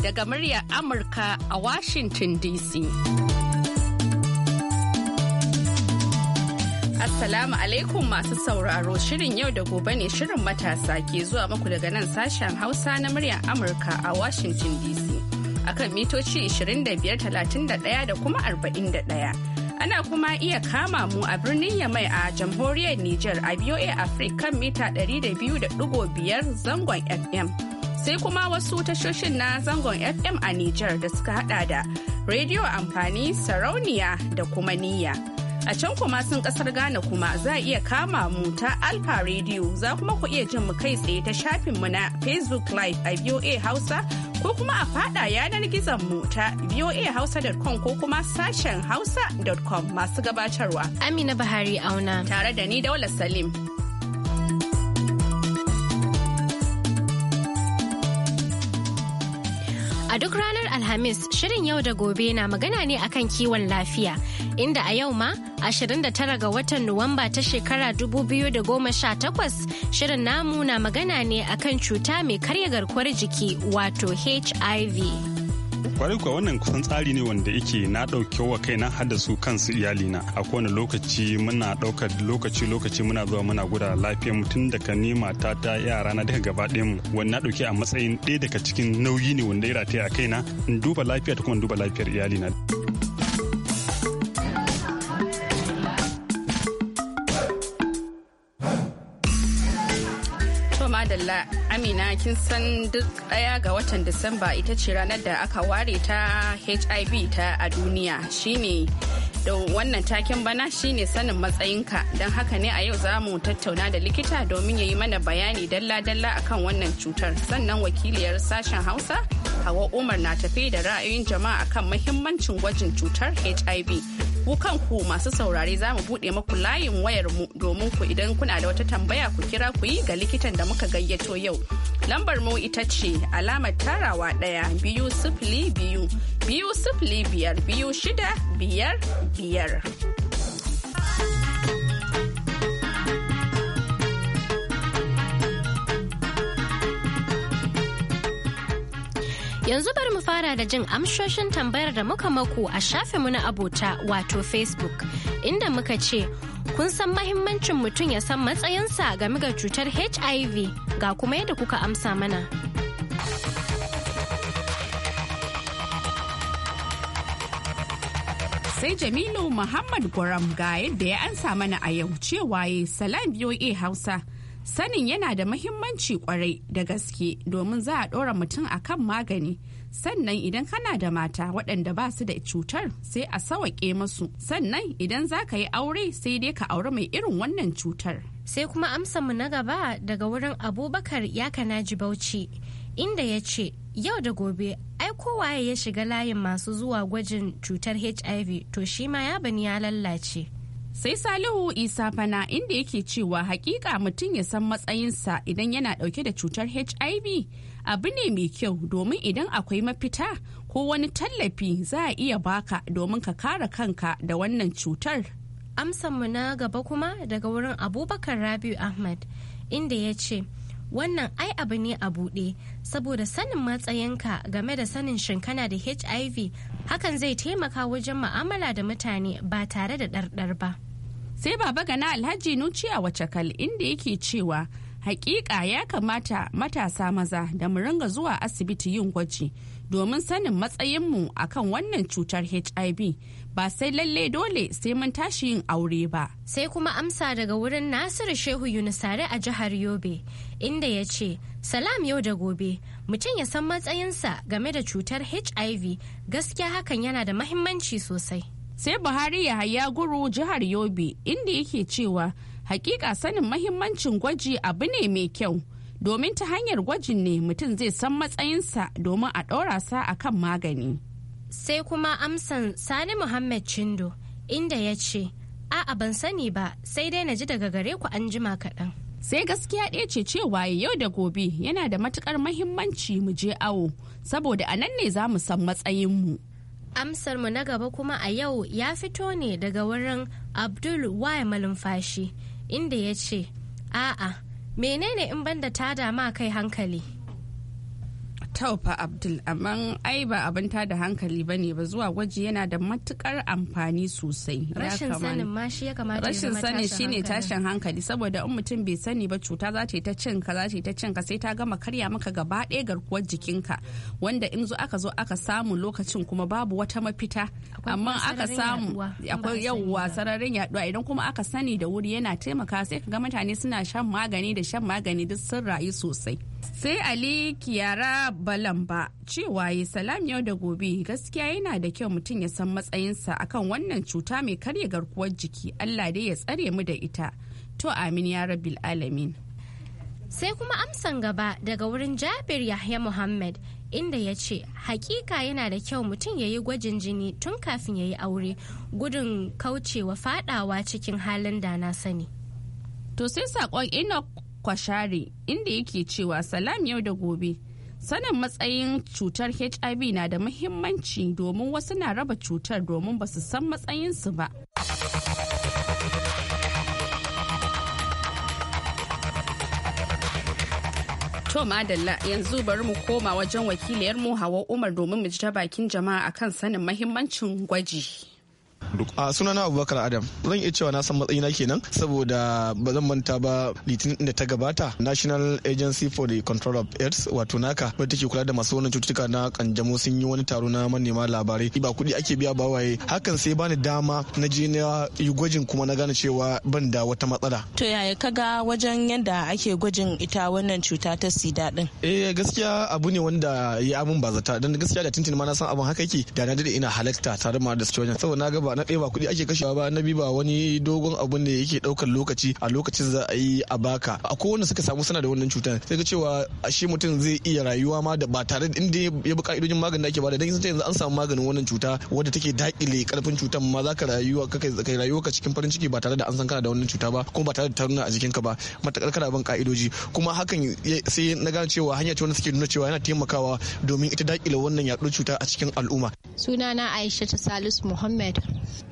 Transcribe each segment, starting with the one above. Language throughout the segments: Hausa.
Daga muryar Amurka a Washington DC. Assalamu alaikum masu sauraro shirin yau da gobe ne shirin matasa ke zuwa muku daga nan sashen Hausa na muryar Amurka a Washington DC. akan mitoci 2531 da kuma 41. Ana kuma iya kama mu a birnin Yamai a jamhuriyar Nijar a VOA Africa kan mita 200.5 zangon FM. Sai kuma wasu tashoshin na zangon FM a Nijar da suka hada da rediyo amfani sarauniya da kuma niyya. A can kuma sun kasar Ghana kuma za a iya kama mu ta Alfa Radio za kuma ku iya jin mu kai tsaye ta shafin mu na Facebook Live a VOA Hausa ko kuma a fada yanar gizon mu ta voahausa.com ko kuma sashen hausa.com masu gabatarwa. Amina Bahari Auna. Tare da ni Daula Salim. A duk ranar Alhamis shirin yau da gobe na magana ne akan kiwon lafiya inda a yau ma 29 ga watan Nuwamba ta shekara 2018 shirin namu na magana ne akan cuta mai karya garkuwar jiki wato HIV. kwarai kuwa wannan kusan tsari ne wanda yake na ɗauke wa kaina har da su kansu iyalina a kowane lokaci muna ɗaukar lokaci lokaci muna zuwa muna guda lafiyar mutum tun daga ni mata ta yara na daga gaba ɗayan mu wani na ɗauke a matsayin ɗaya daga cikin nauyi ne wanda ya rataya a kaina in duba lafiya ta kuma duba lafiyar iyalina. To Madalla Amina kin san duk ɗaya ga watan Disamba ita ce ranar da aka ware ta HIV ta a duniya shine da wannan taken bana shine sanin matsayinka don haka ne a yau za mu tattauna da likita domin ya yi mana bayani dalla-dalla akan wannan cutar sannan wakiliyar sashen hausa hawa umar na tafi da ra'ayin jama'a akan mahimmancin gwajin cutar hiv ku kanku masu saurare za mu buɗe maku layin wayar mu domin ku idan kuna da wata tambaya ku kira ku yi ga likitan da muka gayyato yau. Lambar mu ita ce alamar tarawa ɗaya biyu sifili biyu biyu sifili biyar biyu shida biyar biyar. Yanzu bari mu fara da jin amshoshin tambayar da muka maku a mu na abota wato Facebook inda muka ce kun san mahimmancin mutum ya san matsayinsa game ga cutar HIV ga kuma yadda kuka amsa mana. sai Jamilu Muhammad Gwaram ga yadda ya ansa mana a yau cewa salam BOA Hausa. sanin yana da mahimmanci kwarai da gaske domin za a ɗora mutum a kan magani sannan idan kana da mata waɗanda ba su da cutar sai a sawaƙe masu sannan idan za ka yi aure sai dai ka auri mai irin wannan cutar sai kuma amsa mu na gaba daga wurin abubakar ya kanaji bauchi inda ya ce yau da gobe ai kowaye ya shiga layin masu zuwa gwajin cutar hiv to shi ma ya bani ya lallace sai salihu isa fana inda yake cewa hakika mutum ya san matsayinsa idan yana dauke da cutar hiv abu ne mai kyau domin idan akwai mafita ko wani tallafi za a iya baka domin ka kare kanka da wannan cutar amsanmu na gaba kuma daga wurin abubakar rabiu ahmad inda ya ce wannan ai abu ne a buɗe saboda sanin matsayinka game da sanin shinkana da hiv hakan zai taimaka wajen ma'amala da mutane ba tare da ɗarɗar ba sai baba gana alhaji nuci a wace kal inda yake cewa hakika ya kamata matasa maza da mu ringa zuwa asibiti yin gwaji domin sanin matsayinmu a kan wannan cutar hiv ba sai lalle dole sai mun tashi yin aure ba sai kuma amsa daga wurin nasiru shehu yunusare a jihar yobe inda ya ce salam yau da gobe mutum ya san matsayinsa game da cutar hiv gaskiya hakan yana da mahimmanci sosai sai buhari ya haya guru jihar yobe inda yake cewa hakika sanin mahimmancin gwaji abu ne mai kyau domin ta hanyar gwajin ne mutum zai san matsayinsa domin a ɗora sa a kan magani sai kuma amsan sani muhammad chindo inda ya ce a'a ban sani ba sai dai na ji daga gare ku an jima kaɗan sai gaskiya ɗaya ce cewa yau da gobe yana da matukar mahimmanci mu je awo saboda a nan ne za mu san matsayinmu Amsarmu na gaba kuma a yau ya fito ne daga wurin Abdul Y malumfashi inda ya ce, A'a, menene in banda ta dama kai hankali? taufa abdul amma ai ba abin da hankali ba ne ba zuwa gwaji yana da matukar amfani sosai rashin sanin shi ya shine tashin hankali saboda in mutum bai sani ba cuta za ta yi za ta yi ta cin ka sai ta gama karya maka gaba ɗaya garkuwar jikinka wanda in zo aka zo aka samu lokacin kuma babu wata mafita amma aka samu akwai yawwa sararin yaduwa idan kuma aka sani da wuri yana taimaka sai ka ga mutane suna shan magani da shan magani duk sun rayu sosai sai ali kiyara balan ba cewa ya salam yau da gobe gaskiya yana da kyau mutum ya san matsayinsa akan wannan cuta mai karya garkuwar jiki allah dai ya tsare mu da ita to amin ya rabbil alamin sai kuma amsan gaba daga wurin jabir yahya muhammad inda ya ce hakika yana da kyau mutum ya yi gwajin jini tun kafin ya yi aure gudun kaucewa fadawa cikin halin da na sani to sai sakon ina kwashari inda yake cewa salam yau da gobe sanin matsayin cutar hiv na da muhimmanci domin wasu na raba cutar domin ba su san matsayinsu ba To madalla yanzu bari mu koma wajen wakiliyarmu hawa umar domin mu ji ta bakin jama'a akan sanin mahimmancin gwaji. a sunana abubakar adam zan iya cewa na san matsayina kenan saboda ba zan manta ba litinin da ta gabata national agency for the control of aids wato naka wadda take kula da masu wannan cututtuka na kanjamo sun yi wani taro na manema labarai ba kudi ake biya ba waye hakan sai bani dama na je na yi gwajin kuma na gane cewa ban da wata matsala to yaya ka ga wajen yadda ake gwajin ita wannan cuta ta sida din eh gaskiya abu ne wanda ya abun zata dan gaskiya da tintin ma na san abun haka yake da na dade ina halarta tare ma da saboda na ga ba na ɗaya ba kuɗi ake kashewa ba na biyu ba wani dogon abu ne yake ɗaukar lokaci a lokacin za a yi a baka a kowanne suka samu sana da wannan cutar sai ka cewa a shi mutum zai iya rayuwa ma da ba tare da inda ya bi ka'idojin maganin da ake bada dan yanzu an samu maganin wannan cuta wadda take daƙile karfin cutar ma za ka rayuwa ka kai rayuwa ka cikin farin ciki ba tare da an san kana da wannan cuta ba kuma ba tare da taruna a jikinka ba matakar kana bin ka'idoji kuma hakan sai na gane cewa hanya ce wanda suke nuna cewa yana taimakawa domin ita daƙile wannan yaɗuwar cuta a cikin al'umma sunana Aisha Salisu Muhammad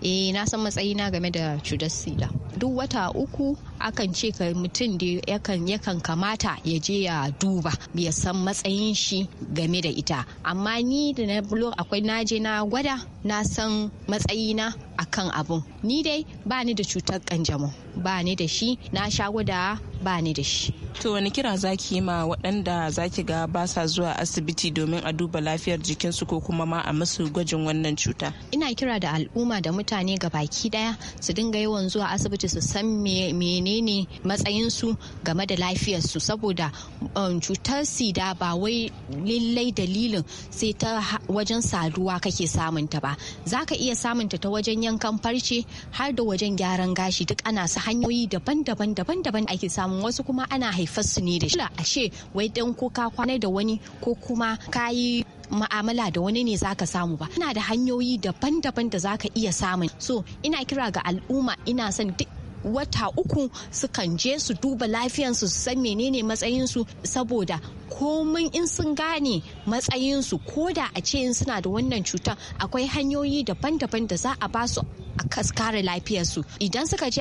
eh na san matsayina game da cutar sida duk wata uku akan ce ka mutum da yakan yakan kamata ya je ya duba ya san matsayin shi game da ita amma ni da na bulo akwai na je na gwada na san matsayina akan abun ni dai ba ni da cutar kanjamau ba ni da shi na sha gwada ba ni da shi to wani kira zaki yi ma waɗanda zaki ga ba sa zuwa asibiti domin a duba lafiyar jikin su ko kuma ma a musu gwajin wannan cuta ina kira da al'umma da mutane ga baki daya su dinga yawan zuwa asibiti su san me menene su game da lafiyar su saboda um, cutar sida ba wai lallai dalilin sai ta wajen saduwa kake samunta ba za ka iya samunta ta wajen yankan farce har da wajen gyaran gashi duk ana su hanyoyi daban-daban daban-daban ake samun wasu kuma ana haifar su ne da shi ashe wai dan ko ka kwana da wani ko kuma kayi ma'amala da wani ne zaka samu ba ina da hanyoyi daban-daban da zaka iya samun so ina kira ga al'umma ina son duk wata uku sukan je su duba lafiyansu su san menene matsayinsu saboda komai in sun gane matsayinsu ko da a ce in suna da wannan cutar akwai hanyoyi daban-daban da za a basu a kare lafiyarsu idan suka je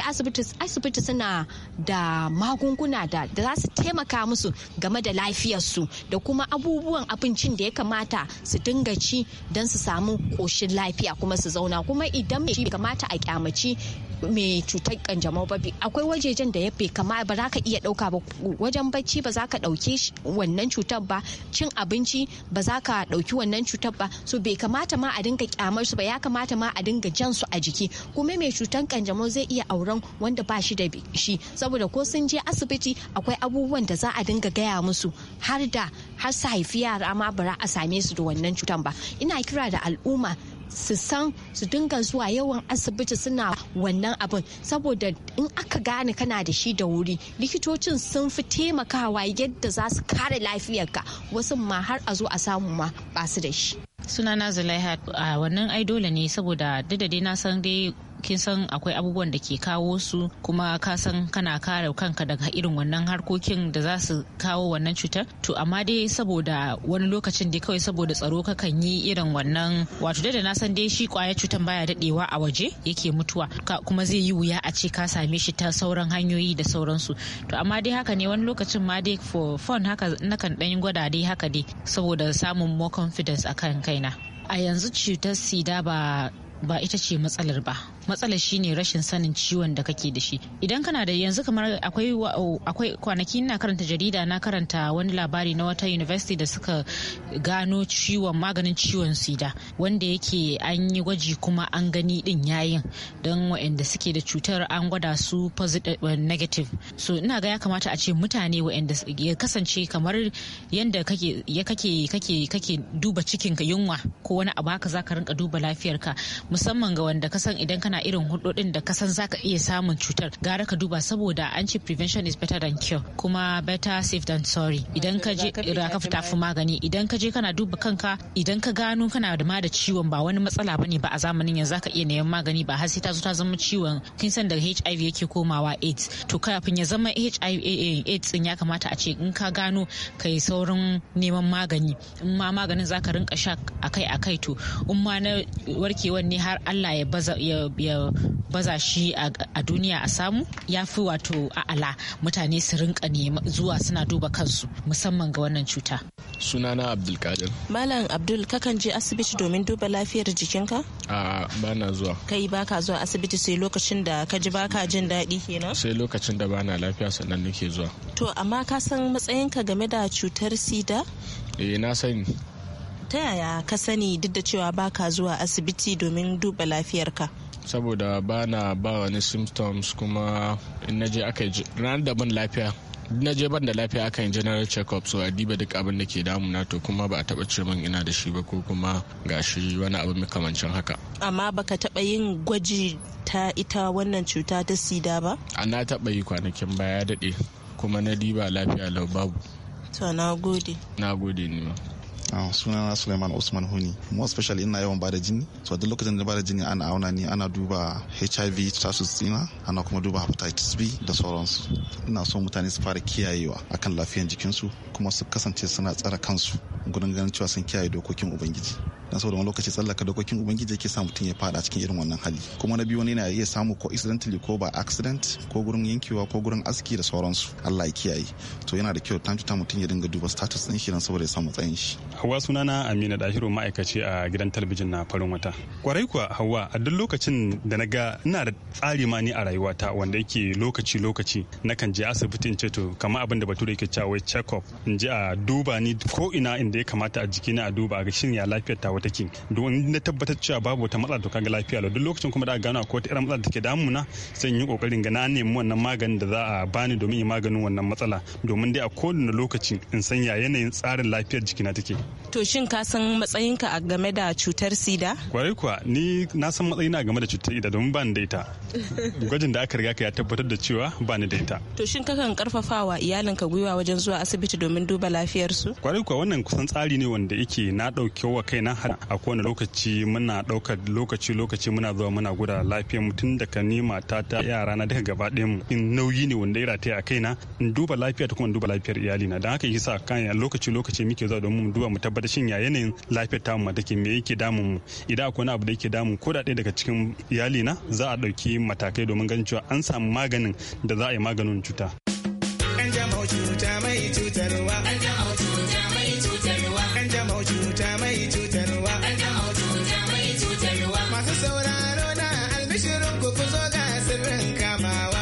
asibiti suna da magunguna da za su taimaka musu game da lafiyarsu da kuma abubuwan abincin da ya kamata su dinga ci don su samu ƙoshin lafiya kuma su zauna kuma idan mai kamata a kyamaci mai cutar kanjamau ba akwai wajejen da ya fi kama ba za ka iya ɗauka ba wajen bacci ba za ka ɗauke wannan wannan cutar ba cin abinci ba za ka ɗauki wannan cutar ba so bai kamata ma a dinga kyamar su ba ya kamata ma a dinga jan su a jiki kuma mai cutar kanjamau zai iya auren wanda ba shi da shi saboda ko sun je asibiti akwai abubuwan da za a dinga gaya musu har da har su haifi yara ma bara a same su da wannan cutar ba ina kira da al'umma su san su dinga zuwa yawan asibiti suna wannan abin saboda in aka gane kana da shi da wuri likitocin sun fi taimakawa yadda za su kare lafiyarka wasu ma har a zo a samu ma ba su da shi sunana zulaiha a wannan ai ne saboda duk da dai na san dai kin san akwai abubuwan da ke kawo su kuma ka san kana kare kanka daga irin wannan harkokin da za su kawo wannan cutar to amma dai saboda wani lokacin dai kawai saboda tsaro ka kan yi irin wannan wato da na san dai shi kwaya cutar baya dadewa a waje yake mutuwa kuma zai yi wuya a ce ka same shi ta sauran hanyoyi da sauransu to amma dai haka ne wani lokacin ma dai for fun haka nakan dan gwada dai haka dai saboda samun more confidence akan kaina a yanzu cutar sida ba ba ita ce matsalar ba matsalar shine rashin sanin ciwon da kake da shi idan kana da yanzu kamar akwai kwanaki na karanta jarida na karanta wani labari na wata university da suka gano ciwon maganin ciwon sida wanda yake an yi gwaji kuma an gani din yayin don waɗanda suke da cutar an gwada su positive eh, negative so ina ga ya kamata a ce mutane waɗanda ya kasance kamar yanda kake ya kake kake kake duba cikinka yunwa ko wani abu haka ka rinka duba lafiyarka musamman ga wanda ka san idan kana irin hudodin da ka san zaka iya samun cutar gara ka duba saboda an ce prevention is better than cure kuma better safe than sorry idan ka je magani idan ka je kana duba kanka idan ka gano kana da ma da ciwon ba wani matsala bane ba a zamanin yanzu zaka iya neman magani ba har sai ta zo ta zama ciwon kin san daga HIV yake komawa AIDS to kafin ya zama HIV eh, eh, AIDS din ya kamata a ce in ka gano kai saurin neman magani in ma maganin zaka rinka sha akai akai to in ma na warkewan ne ne har Allah ya baza ya baza shi a duniya a samu ya fi wato a Ala, mutane su rinka nema zuwa suna duba kansu musamman ga wannan cuta sunana kadir malam abdul kakan je asibiti domin duba lafiyar jikinka a bana zuwa kai baka zuwa asibiti sai lokacin da ka ji baka jin daɗi kenan sai lokacin da bana lafiya sannan nake zuwa to amma ka san matsayinka game da cutar sida eh na sani ta yaya ka sani duk da cewa ba ka zuwa asibiti domin duba lafiyarka saboda ba na ba wani symptoms kuma in naje aka ranar da ban lafiya na je ban da lafiya aka yi general check-up so a diba duk abin da ke damuna to kuma ba a taba ce min ina da shi ba ko kuma gashi wani abu makamancin haka amma baka taba yin gwaji ta ita wannan cuta ta sida ba a na taba yi kwanakin baya daɗe kuma na diba lafiya lau babu to na gode na gode ne ma Ah, sunana suleiman usman huni most especially ina yawan bada jini so duk lokacin da bada jini ana auna ni ana duba hiv status tsina ana kuma duba hepatitis b da sauransu ina so mutane su fara kiyayewa akan lafiyan jikinsu kuma su kasance suna tsara kansu gudun ganin cewa sun kiyaye dokokin ubangiji dan saboda wani lokaci tsallaka dokokin ubangiji yake sa mutum ya fada cikin irin wannan hali kuma na biyu wani na iya samu ko accidentally ko ba accident ko gurin yankewa ko gurin aski da sauransu Allah ya kiyaye to yana da kyau time mutum ya dinga duba status din shi dan saboda ya samu tsayin shi Hawwa sunana Amina Dahiru ma'aikaci a gidan talabijin na farin wata kwarai kuwa Hawwa a duk lokacin da na ga ina da tsari ma ni a rayuwata wanda yake lokaci lokaci nakan je asibiti in ce to kamar abin da bature yake cewa check up in je a duba ni ko ina inda ya kamata a jikina a duba ga shin ya lafiyar ta nawa take don na tabbatar cewa babu wata matsala to kaga lafiya lau duk lokacin kuma da aka gano akwai wata irin matsala da take na sai yi kokarin ga na nemi wannan maganin da za a bani domin yi maganin wannan matsala domin dai a kowane lokaci in sanya yanayin tsarin lafiyar jikina take. to shin ka san matsayinka a game da cutar sida kwarai kuwa ni na san matsayina game da cutar sida domin ban da ita gwajin da aka riga ka ya tabbatar da cewa ba ni da ita to shin kakan karfafa wa iyalinka gwiwa wajen zuwa asibiti domin duba lafiyarsu kwarai kuwa wannan kusan tsari ne wanda yake na dauke wa kaina har a kowane lokaci muna daukar lokaci lokaci muna zuwa muna gura lafiyar mutum daga ni mata ta yara na daga gaba ɗayan mu in nauyi ne wanda ya rataya a kaina in duba lafiya ta kuma duba lafiyar iyalina don haka yasa kan lokaci lokaci muke zuwa domin mu duba mu tabbatar da shin ya yanayin lafiyar ta mu me yake damun mu idan akwai wani abu da yake damun ko da ɗaya daga cikin iyali na za a ɗauki matakai domin ganin cewa an samu maganin da za a yi maganin cuta. An cuta mai cutarwa. cuta mai cutarwa. cuta mai cutarwa. cuta mai cutarwa. Masu sauraro na albishirin ku fi zo ga sirrin kamawa.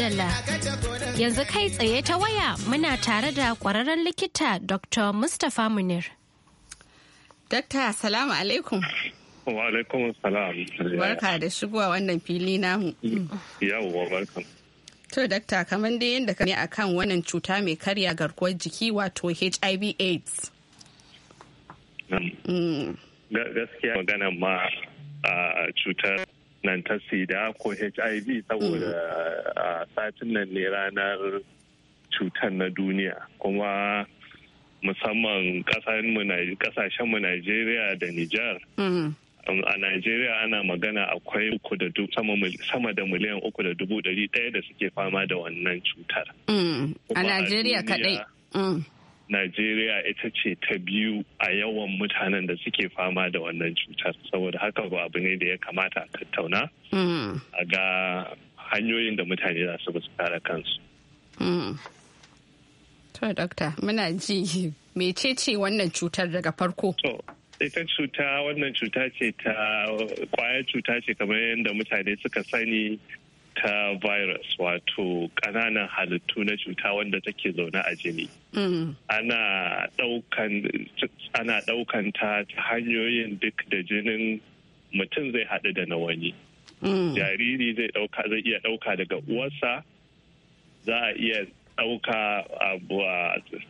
Madalla. Yanzu kai tsaye ta waya muna tare da kwararren likita Dr. Mustapha Munir. Dokta, salamu alaikum. Wa alaikum salam. Barka da shigowa wannan fili namu. Yawwa barka. To, Dokta, kamar dai yadda ka ne a kan wannan cuta mai karya garkuwar jiki wato HIV AIDS. Mm. Gaskiya magana ma a ah, cutar nan ta sida ko hiv saboda mm. a satin nan ne ranar cutar na duniya kuma musamman mu najeriya da nijar mm. um, a najeriya ana magana akwai sama da miliyan uku da dubu ɗari ɗaya da suke fama da wannan cutar mm. a najeriya kaɗai Najeriya ita ce ta biyu a yawan mutanen da suke fama da wannan cutar saboda haka ba abu ne da ya kamata a tattauna mm. a ga hanyoyin da mutane za su kare kansu. Mm. To, Dokta, muna ji mecece wannan cutar daga farko? ita cuta wannan cuta ce ta kwayar cuta ce kamar yadda mutane suka sani ta virus wato ƙananan halittu na cuta wanda take zaune a jini. Mm. Ana ɗaukan ta ta hanyoyin duk da jinin mutum zai haɗu da na wani. Mm. Jariri zai iya ɗauka daga uwarsa, za a iya ɗauka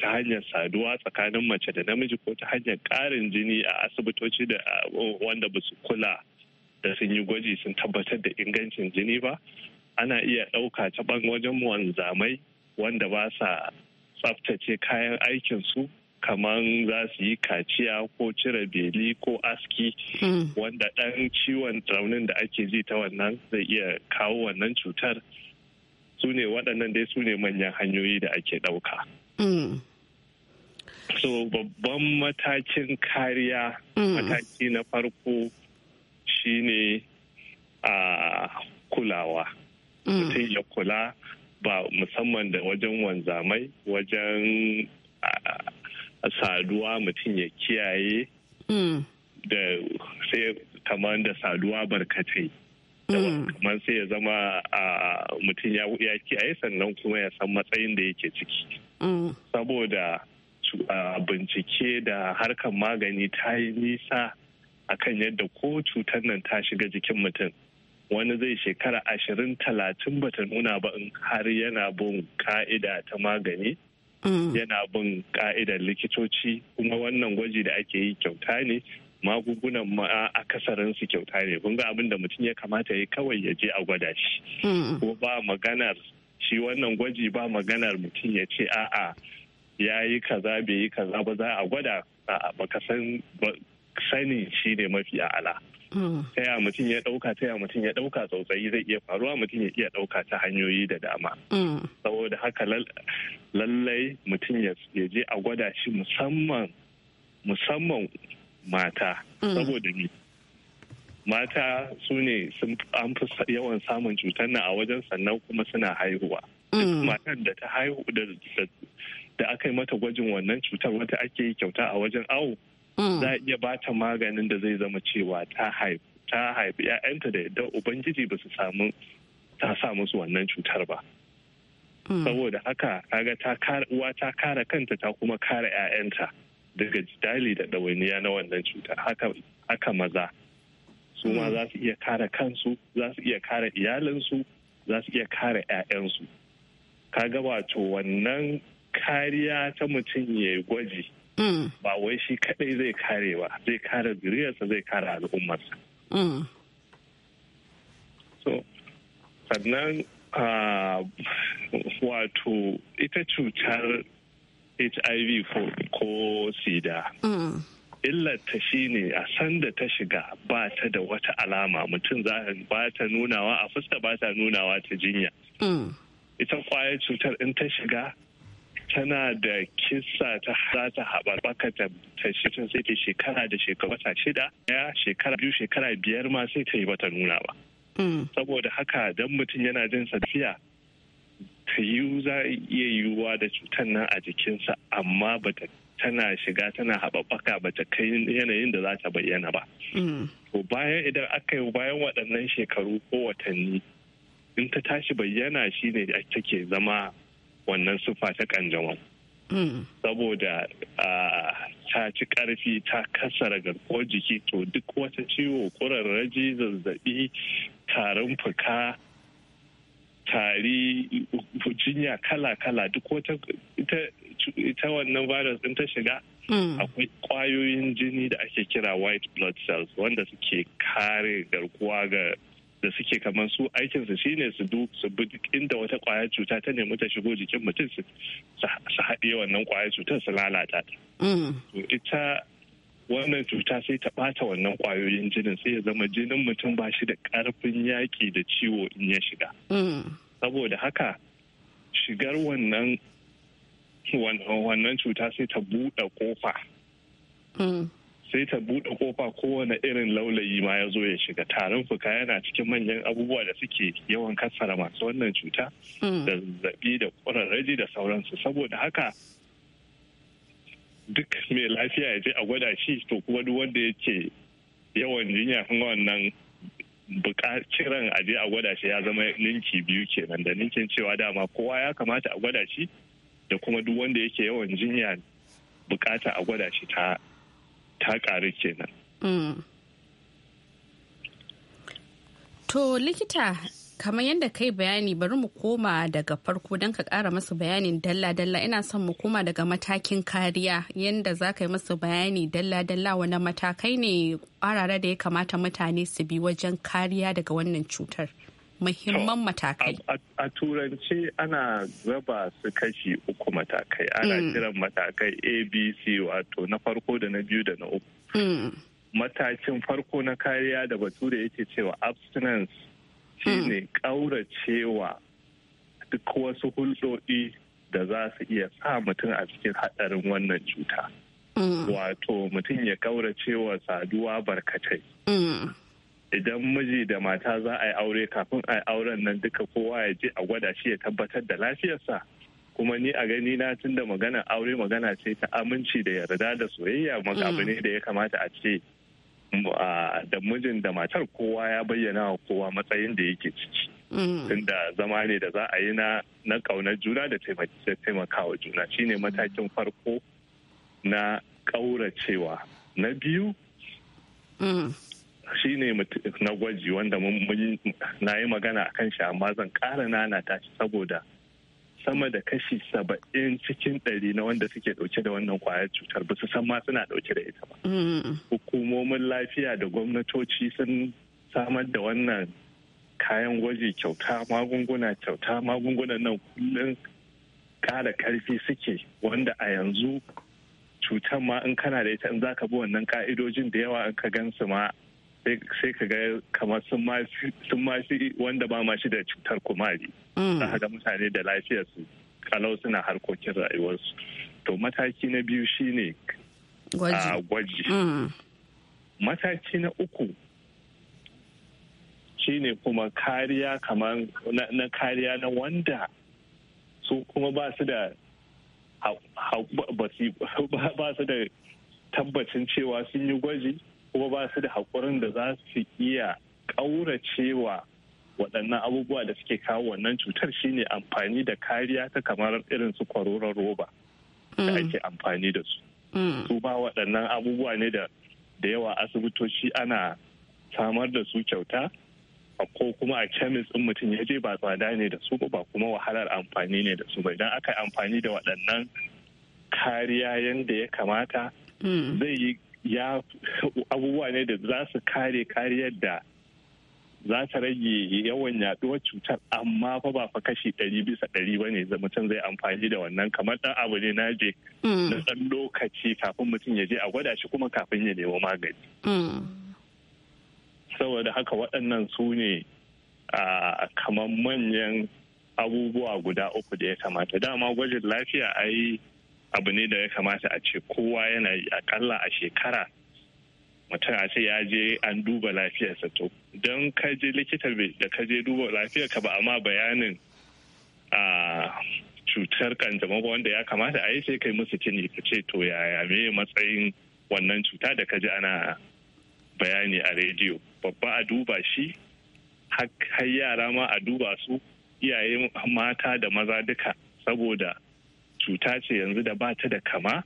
ta hanyar saduwa tsakanin mace da namiji ko ta hanyar ƙarin jini a asibitoci da wanda ba su kula da sun yi gwaji sun tabbatar da ingancin jini ba ana iya ɗauka ta wajen wanzamai wanda ba sa tsaftace kayan aikinsu kamar za su yi kaciya ko cire beli ko aski hmm. wanda ɗan ciwon raunin da ake ji ta wannan zai iya kawo wannan cutar su ne waɗannan dai su ne manyan hanyoyi da ake ɗauka. Hmm. so babban matakin kariya hmm. mataki na farko shine a ah, kulawa Mm. mutum ya kula ba musamman da wajen wanzamai wajen saduwa mutum ya kiyaye mm. da sai kamar da saduwa barkatai mm. kamar sai ya zama mutum ya kiyaye sannan kuma ya san matsayin da yake ciki saboda bincike da harkar magani ta yi nisa akan yadda ko cutar nan ta shiga jikin mutum wani zai shekara ashirin talatin bata nuna ba in har yana bin ka'ida ta magani mm. yana bin ka'idar likitoci kuma wannan gwaji da ake yi kyauta ne magungunan ma akasarin su kyauta ne kun ga abin da mutum ya kamata ya kawai ya je a gwada shi mm. ko ba maganar shi wannan gwaji ba maganar mutum ya ce a'a ya yi kaza bai yi kaza ba za a gwada a baka san sani shi ne mafi ala ta ya mutum ya ɗauka ta ya mutum ya ɗauka tsautsayi zai iya faruwa mutum ya iya ɗauka ta hanyoyi da dama saboda haka lallai mutum ya je a gwada shi musamman musamman mata saboda ni mata su ne an fi yawan samun cutar nan a wajen sannan kuma suna haihuwa matan da ta haihu da aka yi mata gwajin wannan cutar wata ake yi kyauta a wajen awo Mm. za a iya ba ta maganin da zai zama cewa ta haifi ta haifu 'ya'yanta da yadda ubangiji ba su samu ta sa musu wannan cutar ba mm. saboda haka kaga ta kara ta kare kanta ta kuma kare 'ya'yanta daga jidali da ɗawainiya na wannan cutar haka maza su ma mm. za su iya kare kansu za su iya kare iyalinsu za su iya kare 'ya'yansu kaga wato wannan kariya ta mutum ya gwaji Mm. ba wai shi kadai zai kare ba zai kare zuriyarsa zai kare al'ummarsa mm. so sannan ah, wato ita cutar hiv ko sida mm. illarta ne a sanda ta shiga ba ta da wata alama mutum za ba ta nunawa a fuska ba ta nunawa ta jinya ita kwayar cutar in ta shiga tana da kisa ta za ta haɓaka ta ta sai ta shekara da shekara wata shida ya shekara biyu shekara biyar ma sai ta yi bata nuna ba. Mm. Saboda haka don mutum yana jin safiya ta yi za iya yiwuwa da cutar nan a jikinsa amma bata tana shiga tana haɓaka ba ta kai yanayin da za ta bayyana ba. Mm. To bayan idan aka yi bayan waɗannan shekaru ko watanni in ta tashi bayyana shi ne take zama wannan sufa ta kanjamau mm. saboda ta ci ƙarfi ta kasara garkuwar jiki to duk wata ciwo kurarraji zazzabi tarin fuka tari jinya kala-kala duk wata ita wannan virus din ta shiga mm. akwai kwayoyin jini da ake kira white blood cells wanda suke kare garkuwa ga da suke kamar su aikin su shine su du su bi inda wata kwaya cuta ta nemi ta shigo jikin mutum su haɗe wannan kwaya cutar su lalata ta. Mm. ita wannan cuta sai ta ɓata wannan kwayoyin jinin sai ya zama jinin mutum ba shi da ƙarfin yaƙi da ciwo in ya shiga. Mm. Saboda haka shigar wannan wannan cuta sai ta buɗe ƙofa. Mm. sai ta buɗe kofa kowane irin laulayi ma ya zo ya shiga tarin fuka yana cikin manyan abubuwa da suke yawan kassara masu wannan cuta hmm. da zazzabi da ƙwararraji da sauransu saboda haka duk mai lafiya ya je a gwada shi to kuma duk wanda yake yawan jinya kuma wannan bukaciran a je a gwada shi ya zama ninki biyu kenan da ninkin cewa dama kowa ya kamata a gwada shi da kuma duk wanda yake yawan jinya bukata a gwada shi ta ta ƙaru kenan. Mm. To likita kamar yadda kai bayani bari mu koma daga farko don ka ƙara masu bayanin dalla-dalla ina son mu koma daga matakin kariya yadda za ka yi masu bayani dalla-dalla wani matakai ne kwarara da ya kamata mutane su bi wajen kariya daga wannan cutar. muhimman matakai? A turanci ana raba su kashi uku matakai. Ana mm. kiran matakai ABC wato na farko da na biyu da na uku. Mm. Matakin farko na kariya da bature yake cewa abstinence shine mm. ƙauracewa duk wasu hulɗoɗi da za su iya sa mutum a cikin haɗarin wannan cuta. Wato mutum ya ƙauracewa saduwa barkatai. idan miji da mata za a yi aure kafin a yi auren nan duka kowa ya je a gwada shi ya tabbatar da lafiyarsa kuma ni a gani na tun da magana aure magana ce ta aminci da yarda da soyayya maka abu ne mm. da ya kamata a ce mm, da mijin da matar kowa ya bayyana wa kowa matsayin da yake ciki mm. tunda zama ne da za a yi na na juna da taimakawa juna shine matakin farko na ƙauracewa na biyu Shi shine na gwaji wanda na yi magana a kan shi amma zan ƙara nana ta shi saboda sama da kashi saba'in cikin ɗari na wanda suke ɗauke da wannan kwayar cutar ba su san ma suna ɗauke da ita ba. Mm. Hukumomin lafiya da gwamnatoci sun samar da wannan kayan gwaji kyauta magunguna kyauta magungunan nan kullum ƙara ƙarfi suke wanda a yanzu cutar ma in kana da ita in zaka bi wannan ka'idojin da yawa in ka gansu ma sai ka ga kamar sun ma wanda ba ma da cutar kumari mm. za ga mutane da lafiyarsu kalau suna harkokin rayuwarsu to mataki na biyu shine a gwaji ah, mm. mataki na uku shine kuma kariya kamar na kariya na wanda su kuma ba su da ba su da tabbacin cewa sun yi gwaji kuma ba su da haƙurin da za su iya ƙauracewa waɗannan abubuwa da suke kawo wannan cutar shine amfani da kariya ta kamar irin su kwaroron roba da mm. ake amfani da su mm. su ba waɗannan abubuwa ne da yawa asibitoci ana samar da su kyauta ko kuma a kemis in mutum ya je ba tsada ne da su ba kuma wahalar amfani ne da su ba idan aka yi amfani da waɗannan kariya yadda ya kamata mm. zai yi ya abubuwa ne da za su kare kariyar da za ta rage yawan yaduwar cutar amma fa ba fa kashi ɗari bisa ɗari ba ne mutum zai amfani da wannan kamar ɗan abu ne na je mm. na ɗan lokaci kafin mutum ya je a gwada shi kuma kafin ya nemo magani. Mm. saboda haka waɗannan su ne kamar manyan abubuwa guda uku da ya kamata dama gwajin lafiya a yi abu ne da ya kamata a ce kowa yana akalla a shekara mutum a ce ya je an duba lafiyarsa to don ka je likita da ka je duba lafiyarka ba amma bayanin a cutar kanjamau wanda ya kamata a yi sai kai musu kini ka ce to yaya me matsayin wannan cuta da ka ji ana bayani a rediyo babba a duba shi har yara ma a duba su iyaye mata da maza duka saboda cuta ce yanzu da ba ta da kama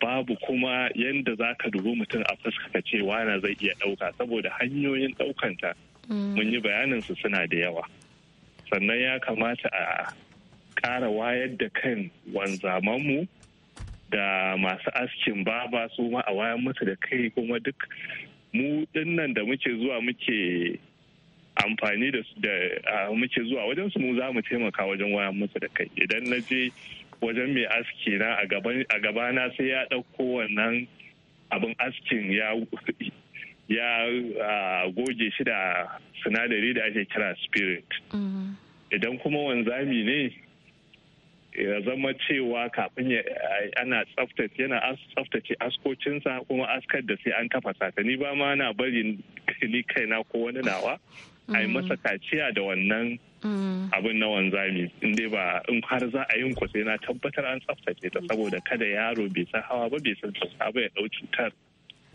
babu kuma yadda za ka dubi mutum a fuskaka cewa na zai iya ɗauka saboda hanyoyin ɗaukanta mm. mun yi bayanin su suna da yawa sannan ya kamata a ƙara wayar da kan wanzamanmu da masu askin baba su ma a wayan musu da kai kuma duk mu dinnan da muke zuwa muke amfani da su da muke zuwa wajen su mu za mu taimaka wajen wayan musu da kai idan na je wajen mai aski na a gabana sai ya ɗauko wannan abin askin ya ya goge shi da sinadari da ake kira spirit mm-hmm. idan kuma wanzami ne ya zama cewa kafin ana tsaftace yana tsaftace askocinsa kuma askar da sai an tafasa ta ni ba ma na bari ni kaina ko wani nawa a yi mm. masa kaciya da wannan mm. abin na wanzami in ba in har za a yi ku na tabbatar an tsaftace ta saboda kada yaro bai san hawa ba bai san cuta ba ya dau cutar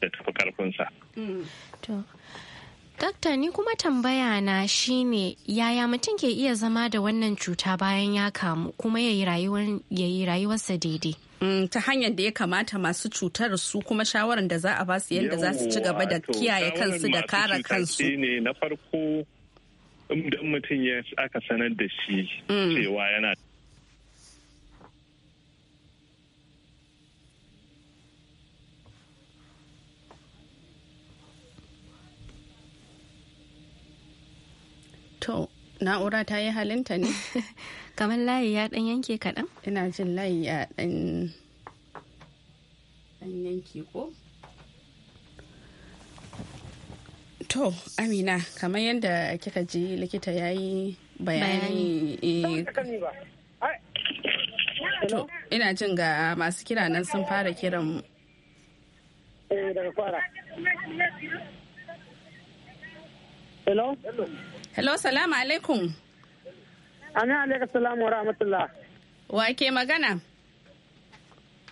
da tafi karfinsa. Mm. Dokta ni kuma tambaya na shine yaya mutum ke iya zama da wannan cuta bayan ya kamu kuma ya yi rayuwarsa daidai. Mm, ta hanyar da ya kamata masu cutar su kuma shawaran da za a basu yadda za su ci gaba da kiyaye kansu da kare kansu na farko idan mutum ya aka sanar da shi mm. cewa yana na'ura ta yi halinta ne kamar layi ya dan yanke kaɗan ina jin layi ya dan yanke ko to amina kamar yadda kika ji likita ya yi bayani eh, ina jin ga masu kira nan sun fara kiran eh, hello hello salamu alaikum amin alaikum salamu wa rahmatullah wa ke magana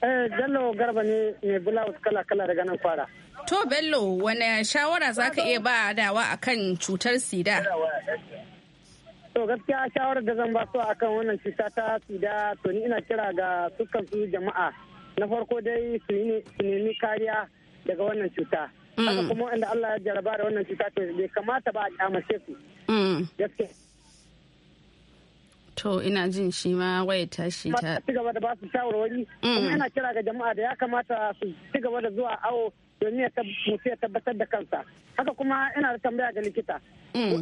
eh bello garba ne mai bulawus kala kala daga nan fara to bello wane shawara za ka iya ba dawa akan cutar sida to gaskiya shawarar da zan ba su a kan wannan cuta ta sida to ni ina kira ga sukan su jama'a na farko dai su nemi kariya daga wannan cuta Mm. kuma wanda Allah ya jaraba da wannan cuta ta bai kamata ba a kyamace su mm. to ina jin shi ma waya shi ta ci gaba da ba su shawarwari mm. kuma yana kira ga jama'a da ya kamata su ci gaba da zuwa awo domin ya ya tabbatar da kansa haka kuma ina da tambaya ga likita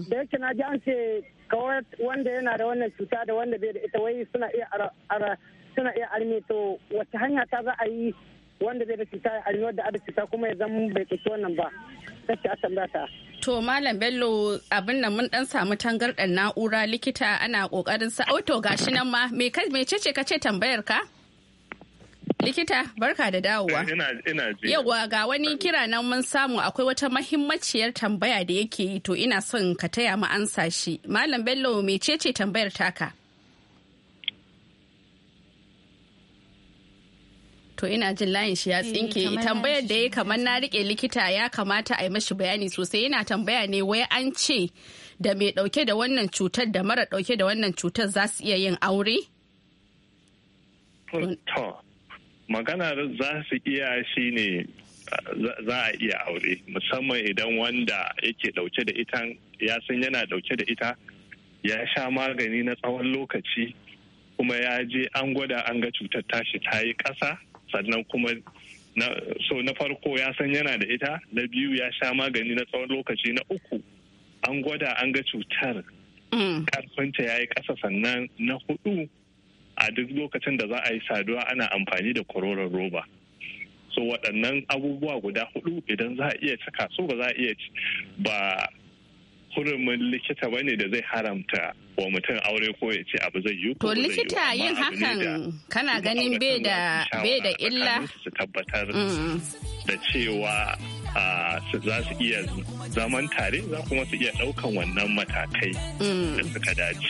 da yake na ji an ce kawai wanda yana da wannan cuta da wanda bai da ita wai suna iya suna iya arme to wace hanya ta za a yi wanda zai da ta arewa da ada kuma ya zama bai ɗauki wannan ba sai a tambaya ta. To Malam Bello abin nan mun dan samu tangardan na'ura likita ana ƙoƙarin sa auto gashi nan ma me ce ce ka tambayar ka? Likita barka da dawowa. Eh, yawa ga wani kira nan mun samu akwai wata mahimmaciyar tambaya da yake yi to ina son ka taya mu ansa shi. Malam Bello ce tambayar taka? to ina jin layin shi ya eh, tsinke tambayar da ya kamar na rike likita ya kamata a yi mashi bayani sosai yana tambaya ne wai an ce da mai dauke da wannan cutar da mara dauke da wannan cutar za su iya yin aure? To, maganar za su iya shi ne za a iya aure musamman idan wanda yake dauke da ita ya san yana dauke da ita ya sha magani na tsawon lokaci kuma ya je an gwada an ga cutar tashi ta yi ƙasa sannan kuma na, so na farko ya san yana da ita na biyu ya sha magani na tsawon lokaci na uku an gwada an ga cutar mm. karfinta ya yi ƙasa sannan na hudu a duk lokacin da za a yi saduwa ana amfani da kororon roba so waɗannan abubuwa guda hudu idan za a iya cika so ba za a iya ba hurumin likita bane da zai haramta wa mutum aure ko ya ce abu zai yi ko to likita yin hakan kana ganin bai da illa su tabbatar mm. da cewa za su iya zaman tare za kuma su iya daukan wannan matakai mm. da suka dace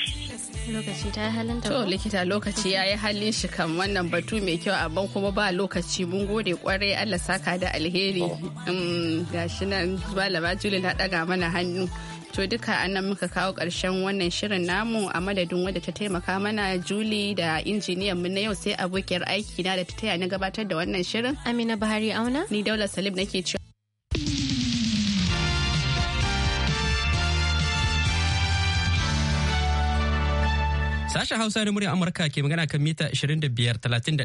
lokaci ta halin to likita lokaci ya yi halin shi kan wannan batu mai kyau amma kuma ba lokaci mun gode kwarai allah saka da alheri oh. mm, gashi nan malama julin ta daga mana hannu to duka anan muka kawo ƙarshen wannan shirin namu a madadin wadda ta taimaka mana juli da injiniyan mu na yau sai abokiyar aiki na da ta taya na gabatar da wannan shirin amina bahari auna ni daula salim nake cewa Sashen Hausa na murya Amurka ke magana kan mita 25